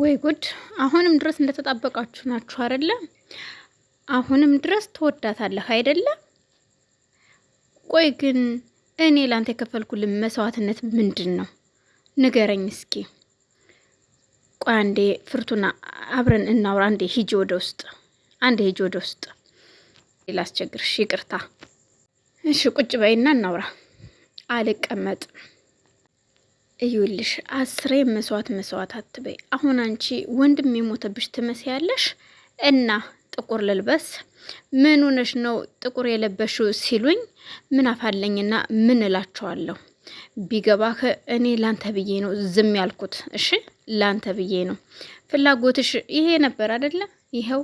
ወይ ጉድ! አሁንም ድረስ እንደተጣበቃችሁ ናችሁ አይደለ? አሁንም ድረስ ትወዳታለህ አይደለ? ቆይ ግን እኔ ላንተ የከፈልኩልን መስዋዕትነት ምንድን ነው? ንገረኝ እስኪ። ቆይ አንዴ ፍርቱና፣ አብረን እናውራ። አንዴ ሂጂ ወደ ውስጥ፣ አንዴ ሂጂ ወደ ውስጥ። ላስቸግርሽ፣ ይቅርታ። እሺ ቁጭ በይና እናውራ። አልቀመጥም እዩልሽ አስሬ መስዋዕት መስዋዕት አትበይ። አሁን አንቺ ወንድም የሞተብሽ ትመስያለሽ እና ጥቁር ልልበስ ምን ሆነሽ ነው ጥቁር የለበሽው ሲሉኝ ምን አፋለኝና ምን እላቸዋለሁ? ቢገባህ እኔ ላንተ ብዬ ነው ዝም ያልኩት። እሺ ላንተ ብዬ ነው። ፍላጎትሽ ይሄ ነበር አይደለም? ይኸው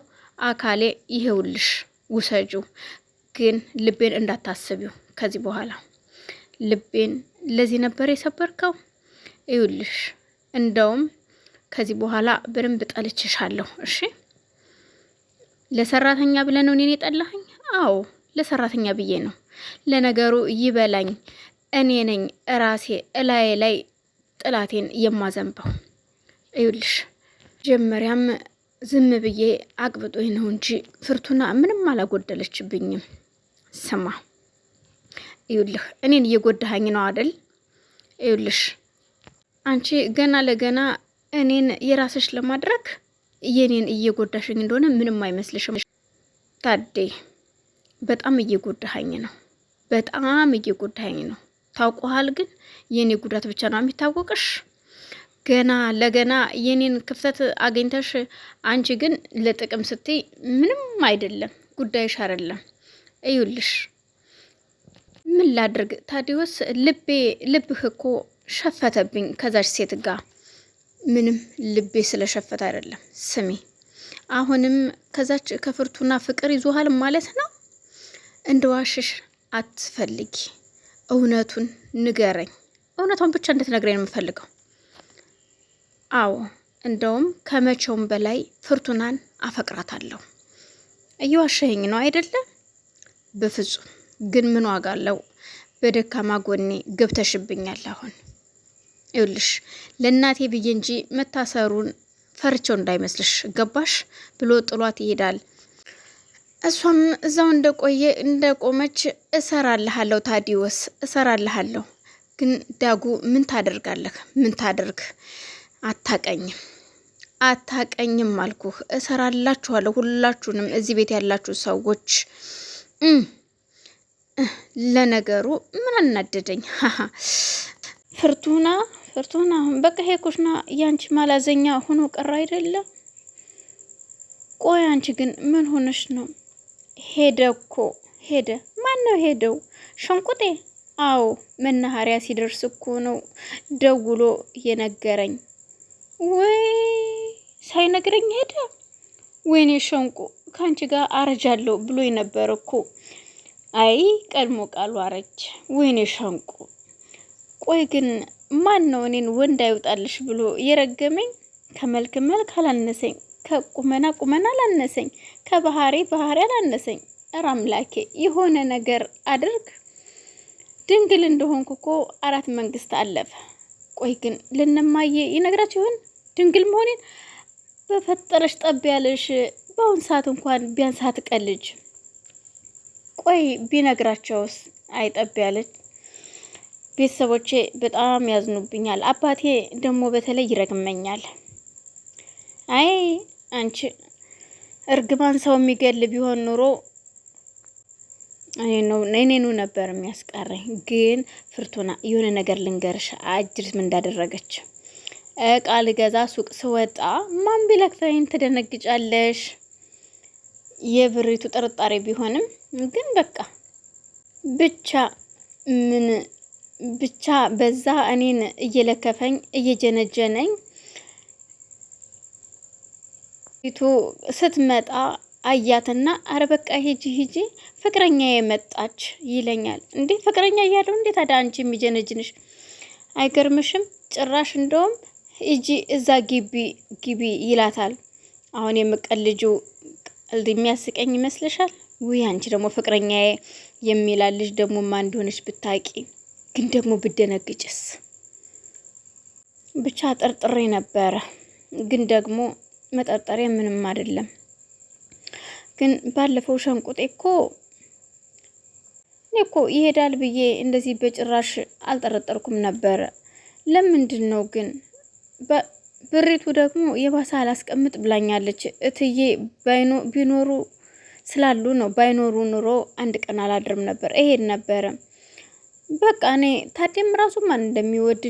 አካሌ ይሄውልሽ፣ ውሰጂው። ግን ልቤን እንዳታስቢው ከዚህ በኋላ ልቤን ለዚህ ነበር የሰበርከው ይውልሽ እንደውም ከዚህ በኋላ በደንብ ጠልችሻለሁ። እሺ ለሰራተኛ ብለህ ነው እኔን የጠላኸኝ? አዎ ለሰራተኛ ብዬ ነው። ለነገሩ ይበላኝ፣ እኔ ነኝ እራሴ እላዬ ላይ ጥላቴን የማዘንበው። ይውልሽ መጀመሪያም ዝም ብዬ አቅብጦ ነው እንጂ ፍርቱና ምንም አላጎደለችብኝም። ስማ ይውልህ እኔን እየጎዳኸኝ ነው አደል? ይውልሽ አንቺ ገና ለገና እኔን የራስሽ ለማድረግ የኔን እየጎዳሽኝ እንደሆነ ምንም አይመስልሽም ታዴ? በጣም እየጎዳሃኝ ነው፣ በጣም እየጎዳሃኝ ነው። ታውቀሃል፣ ግን የኔ ጉዳት ብቻ ነው የሚታወቅሽ። ገና ለገና የኔን ክፍተት አግኝተሽ አንቺ ግን ለጥቅም ስትይ ምንም አይደለም፣ ጉዳይሽ አይደለም። እዩልሽ ምን ላድርግ ታዲዎስ፣ ልቤ ልብህ እኮ ሸፈተብኝ ከዛች ሴት ጋር ምንም ልቤ ስለሸፈተ አይደለም። ስሜ አሁንም ከዛች ከፍርቱና ፍቅር ይዞሃል ማለት ነው። እንደዋሽሽ አትፈልጊ። እውነቱን ንገረኝ። እውነቷን ብቻ እንድትነግረኝ ነው የምፈልገው። አዎ እንደውም ከመቼውም በላይ ፍርቱናን አፈቅራታለሁ። እየዋሸኸኝ ነው አይደለም? በፍጹም ግን ምን ዋጋ አለው? በደካማ ጎኔ ገብተሽብኛል አሁን ይውልሽ ለእናቴ ብዬ እንጂ መታሰሩን ፈርቸው እንዳይመስልሽ ገባሽ ብሎ ጥሏት ይሄዳል። እሷም እዛው እንደቆየ እንደቆመች እሰራልሃለሁ ታዲወስ እሰራልሃለሁ፣ ግን ዳጉ ምን ታደርጋለህ? ምን ታደርግ አታቀኝም አታቀኝም አልኩ። እሰራላችኋለሁ ሁላችሁንም እዚህ ቤት ያላችሁ ሰዎች። ለነገሩ ምን አናደደኝ ፍርቱና ፍርቱና አሁን በቃ ይሄ ኩሽና ያንቺ ማላዘኛ ሆኖ ቀረ አይደለም? ቆይ አንቺ ግን ምን ሆነሽ ነው? ሄደ እኮ ሄደ። ማን ነው ሄደው? ሸንቁጤ? አዎ መናኸሪያ ሲደርስ እኮ ነው ደውሎ የነገረኝ። ወይ ሳይነግረኝ ሄደ? ወይኔ ሸንቁ ከአንቺ ጋር አረጃለሁ ብሎ ነበር እኮ። አይ ቀድሞ ቃሉ አረጀ። ወይኔ ሸንቁ ቆይ ግን ማን ነው እኔን ወንድ አይውጣልሽ ብሎ የረገመኝ? ከመልክ መልክ አላነሰኝ፣ ከቁመና ቁመና አላነሰኝ፣ ከባህሪ ባህሪ አላነሰኝ። እረ አምላኬ የሆነ ነገር አድርግ። ድንግል እንደሆንኩ እኮ አራት መንግስት አለፈ። ቆይ ግን ልንማየ ይነግራቸው ይሆን ድንግል መሆኔን? በፈጠረሽ ጠብ ያለሽ በአሁን ሰዓት እንኳን ቢያንስ አትቀልጅ። ቆይ ቢነግራቸውስ? አይጠብ ያለች ቤተሰቦቼ በጣም ያዝኑብኛል። አባቴ ደግሞ በተለይ ይረግመኛል። አይ አንቺ እርግማን ሰው የሚገል ቢሆን ኑሮ እኔኑ ነበር የሚያስቀረኝ። ግን ፍርቱና የሆነ ነገር ልንገርሽ፣ አጅርስ እንዳደረገች እቃ ልገዛ ሱቅ ስወጣ ማን ቢለክታይን ትደነግጫለሽ። የብሪቱ ጥርጣሬ ቢሆንም ግን በቃ ብቻ ምን ብቻ በዛ እኔን እየለከፈኝ እየጀነጀነኝ ቱ ስትመጣ አያትና አረ በቃ ሂጂ ሂጂ ፍቅረኛ የመጣች ይለኛል። እንዴ ፍቅረኛ እያለው እንዴት ታዲያ አንቺ የሚጀነጅንሽ አይገርምሽም? ጭራሽ እንደውም ሂጂ እዛ ግቢ ግቢ ይላታል። አሁን የምቀልጁ ቀልድ የሚያስቀኝ ይመስልሻል? ውይ አንቺ ደግሞ ፍቅረኛዬ የሚላልሽ ደግሞ ማን እንደሆነች ብታውቂ ግን ደግሞ ብደነግጭስ? ብቻ ጠርጥሬ ነበረ፣ ግን ደግሞ መጠርጠሬ ምንም አይደለም። ግን ባለፈው ሸንቁጤ እኮ እኔ እኮ ይሄዳል ብዬ እንደዚህ በጭራሽ አልጠረጠርኩም ነበረ። ለምንድን ነው ግን? ብሪቱ ደግሞ የባሰ አላስቀምጥ ብላኛለች። እትዬ ቢኖሩ ስላሉ ነው። ባይኖሩ ኑሮ አንድ ቀን አላድርም ነበር እሄድ ነበረ። በቃ እኔ ታዴም ራሱ ማን እንደሚወድ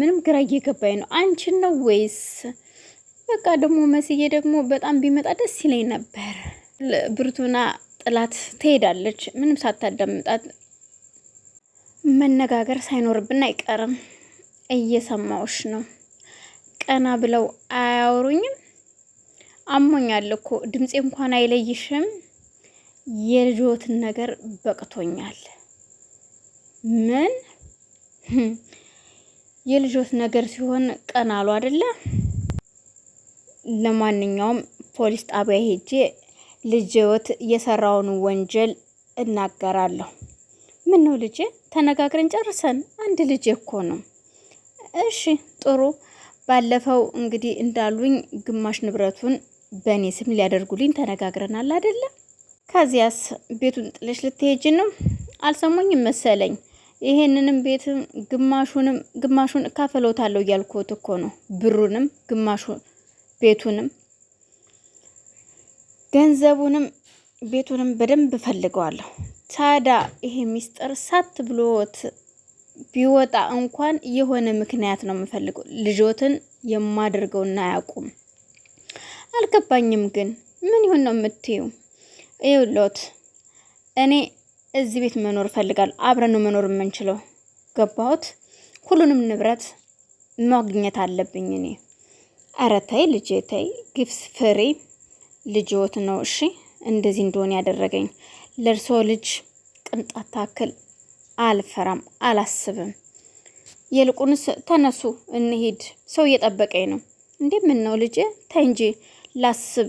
ምንም ግራ እየገባኝ ነው። አንቺን ነው ወይስ? በቃ ደግሞ መስዬ ደግሞ በጣም ቢመጣ ደስ ይለኝ ነበር። ብርቱና ጥላት ትሄዳለች፣ ምንም ሳታዳምጣት መነጋገር ሳይኖርብን አይቀርም። እየሰማውሽ ነው። ቀና ብለው አያወሩኝም። አሞኛል እኮ ድምፄ እንኳን አይለይሽም። የልጆትን ነገር በቅቶኛል። ምን hm. የልጆት ነገር ሲሆን ቀን አሉ አይደለ? ለማንኛውም ፖሊስ ጣቢያ ሄጄ ልጅዎት የሰራውን ወንጀል እናገራለሁ። ምን ነው ልጄ፣ ተነጋግረን ጨርሰን አንድ ልጄ እኮ ነው። እሺ ጥሩ። ባለፈው እንግዲህ እንዳሉኝ ግማሽ ንብረቱን በእኔ ስም ሊያደርጉልኝ ተነጋግረናል አይደለ? ከዚያስ ቤቱን ጥለሽ ልትሄጂ ነው? አልሰሙኝም መሰለኝ። ይሄንንም ቤትም ግማሹንም ግማሹን እካፈለውታለሁ እያልኩት እኮ ነው። ብሩንም ግማሹ ቤቱንም ገንዘቡንም ቤቱንም በደንብ እፈልገዋለሁ። ታዲያ ይሄ ሚስጥር ሳት ብሎት ቢወጣ እንኳን የሆነ ምክንያት ነው የምፈልገው። ልጆትን የማደርገውና አያውቁም። አልገባኝም ግን ምን ይሁን ነው የምትዩ? ይውሎት እኔ እዚህ ቤት መኖር እፈልጋለሁ። አብረን ነው መኖር የምንችለው። ገባሁት። ሁሉንም ንብረት ማግኘት አለብኝ እኔ። ኧረ ተይ ልጄ ተይ፣ ግብስ ፍሬ ልጅዎት ነው እሺ። እንደዚህ እንደሆነ ያደረገኝ ለእርሶ ልጅ ቅንጣት ታክል አልፈራም፣ አላስብም። ይልቁንስ ተነሱ እንሂድ፣ ሰው እየጠበቀኝ ነው። እንዴ ምን ነው ልጄ ተይ እንጂ ላስብ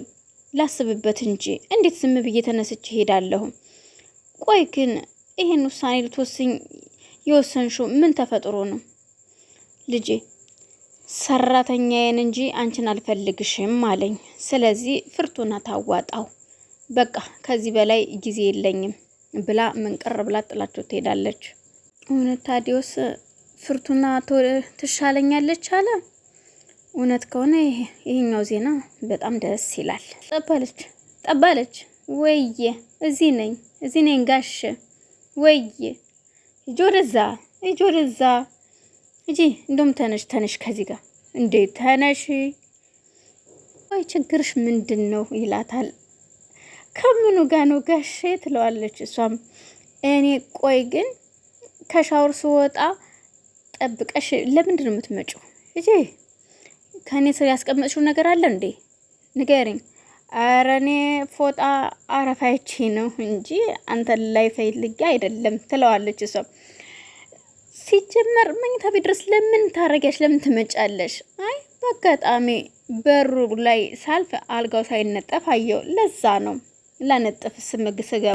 ላስብበት እንጂ እንዴት ዝም ብዬ ተነስቼ እሄዳለሁ? ቆይ ግን ይህን ውሳኔ ልትወስኝ የወሰንሽው ምን ተፈጥሮ ነው? ልጄ ሰራተኛዬን እንጂ አንቺን አልፈልግሽም አለኝ። ስለዚህ ፍርቱና ታዋጣው፣ በቃ ከዚህ በላይ ጊዜ የለኝም ብላ ምንቀር ብላ ጥላቸው ትሄዳለች። እውነት ታዲዮስ ፍርቱና ትሻለኛለች አለ። እውነት ከሆነ ይሄኛው ዜና በጣም ደስ ይላል። ጠባለች ጠባለች፣ ወይዬ እዚህ ነኝ እዚህ ነኝ ጋሽ ወይ እጅ ወደዛ እጅ ወደዛ እጂ እንደውም ተነሽ ተነሽ ከዚህ ጋር እንዴ ተነሽ ወይ ችግርሽ ምንድን ነው ይላታል ከምኑ ጋር ነው ጋሽ ትለዋለች እሷም እኔ ቆይ ግን ከሻወር ስወጣ ጠብቀሽ ለምንድን ነው የምትመጪው እጂ ከእኔ ስር ያስቀመጥሽው ነገር አለ እንዴ ንገሪኝ ኧረ እኔ ፎጣ አረፋይቺ ነው እንጂ አንተ ላይ ፈልጌ አይደለም ትለዋለች እሷ። ሲጀመር መኝታ ቤት ድረስ ለምን ታረጊያለሽ? ለምን ትመጫለሽ? አይ በአጋጣሚ በሩ ላይ ሳልፍ አልጋው ሳይነጠፍ አየው። ለዛ ነው ላነጥፍ ስምግ ስጋ